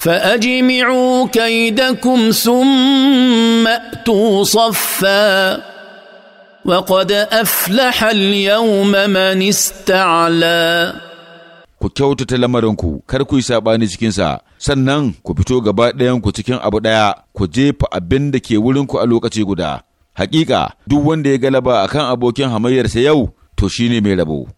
فاجمعوا كيدكم ثم اتوا صفا وقد افلح اليوم من استعلى ku kyautata lamarinku kar ku yi saɓani cikinsa sannan ku fito gaba ɗayan ku cikin abu ɗaya ku jefa abin da ke ku a lokaci guda hakika duk wanda ya galaba akan abokin hamayyarsa yau to shine mai rabo